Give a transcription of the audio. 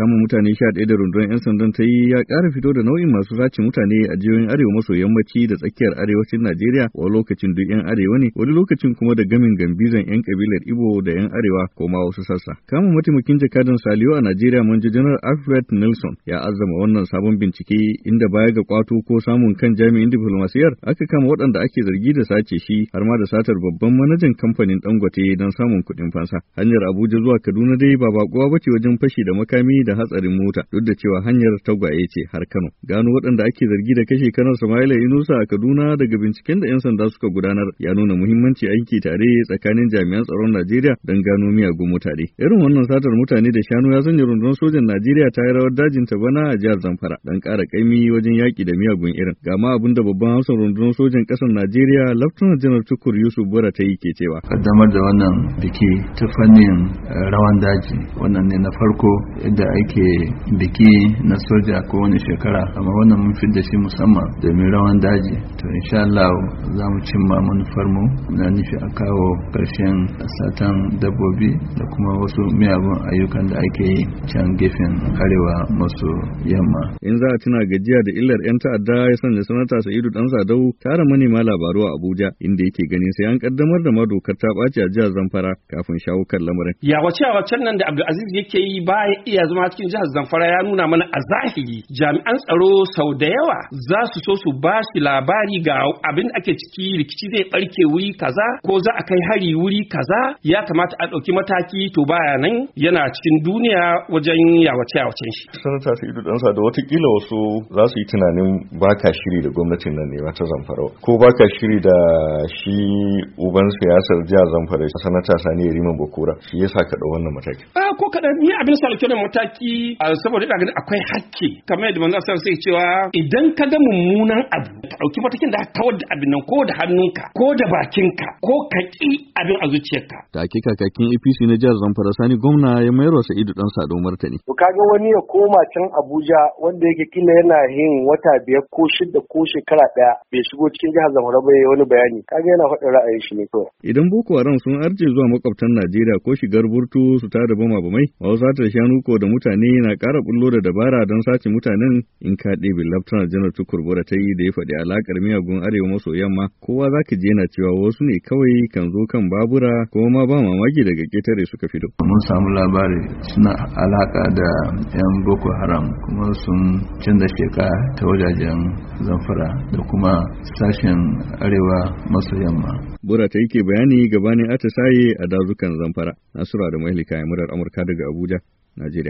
Kamun mutane sha ɗaya da rundunar 'yan sandan ta yi ya ƙara fito da nau'in masu sace mutane a jihohin arewa maso yammaci da tsakiyar arewacin Najeriya wa lokacin duk 'yan arewa ne wani lokacin kuma da gamin gambizan 'yan kabilar Ibo da 'yan arewa ko ma wasu sassa. Kamun mataimakin jakadan Saliyo a Najeriya manji janar Alfred Nelson ya azzama wannan sabon bincike inda baya ga kwato ko samun kan jami'in diflomasiyar aka kama waɗanda ake zargi da sace shi har ma da satar babban manajan kamfanin Dangote don samun kuɗin fansa. Hanyar Abuja zuwa Kaduna dai ba baƙuwa ce wajen fashi da makami da hatsarin mota duk da cewa hanyar tagwaye ce har Kano. Gano waɗanda ake zargi da kashe kanar Samaila Inusa a Kaduna daga binciken da 'yan sanda suka gudanar ya nuna muhimmanci aiki tare tsakanin jami'an tsaron Najeriya don gano miyagun mutane. Irin wannan satar mutane da shanu ya sanya rundunar sojan Najeriya ta yi rawar dajin ta bana a jihar Zamfara don ƙara ƙaimi wajen yaƙi da miyagun irin. Ga ma abin da babban hausan rundunar sojan ƙasar Najeriya Laftanar Janar Tukur Yusuf Bura ta yi ke cewa. Kaddamar da wannan biki ta fannin eh, rawan daji wannan ne na farko yadda yake biki na soja ko kowane shekara amma wannan mun da shi musamman domin rawan daji to insha Allah za mu cimma manufar mu na nufi a kawo ƙarshen satan dabbobi da kuma wasu miyagun ayyukan da ake yi can gefen arewa masu yamma in za a tuna gajiya da illar 'yan ta'adda ya sanya sanata sa'idu dan sadau tara manema labaru a abuja inda yake ganin sai an kaddamar da madokar ta ɓaci a jihar zamfara kafin shawo kan lamarin ya wace a wacen nan da abdulaziz yake yi ba iya zama zama cikin jihar Zamfara ya nuna mana a zahiri jami'an tsaro sau da yawa za su so su ba shi labari ga abin da ake ciki rikici zai barke wuri kaza ko za a kai hari wuri kaza ya kamata a ɗauki mataki to baya nan yana cikin duniya wajen yawace yawacen shi. Sanata su ido ɗansa da watakila wasu za su yi tunanin baka shiri da gwamnatin nan ne ta Zamfara ko baka shiri da shi uban siyasar jihar Zamfara sanata Sani Rimin Bakura shi yasa ka ɗau wannan mataki. Ah, ko kaɗan ni abin sa alƙirin mataki mataki saboda ina ganin akwai hakki kamar yadda manzo sallallahu alaihi cewa idan ka ga mummunan abu ka dauki matakin da ka kawar da abin nan ko da hannunka ko da bakinka ko ka ki abin a zuciyarka ta hakika kakin APC na jihar Zamfara sani gwamna ya mayar wa Sa'idu dan Sado martani to kaga wani ya koma can Abuja wanda yake kila yana yin wata biyar ko shida ko shekara daya bai shigo cikin jihar Zamfara ba wani bayani kaga yana faɗin ra'ayin shi ne to idan Boko Haram sun arje zuwa makwabtan Najeriya ko shigar burtu su tada bama bamai wasu ta shanu ko da mutane na ƙara bullo da dabara don sace mutanen in ka ɗebe laftanar janar tukur bora ta yi da ya faɗi alaƙar miyagun arewa maso yamma kowa za ka je na cewa wasu ne kawai kan zo kan babura kuma ma ba mamaki daga ƙetare suka fito. mun samu labari suna alaƙa da 'yan boko haram kuma sun canza sheka ta wajajen zamfara da kuma sashen arewa maso yamma. bura ta yake bayani gabanin atisaye a dazukan zamfara nasura da mahalika murar amurka daga abuja najeriya